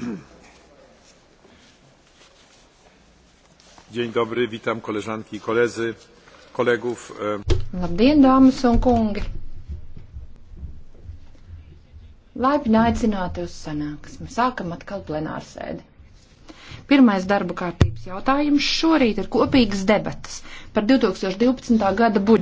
Dzień dobry, witam koleżanki i koledzy, kolegów. Labdien, dāmas un kungi! Laipni aicināti uz sanāksmi. Sākam atkal plenārsēdi. Pirmais darba kārtības jautājums šorīt ir kopīgas debatas par 2012. gada budžetu.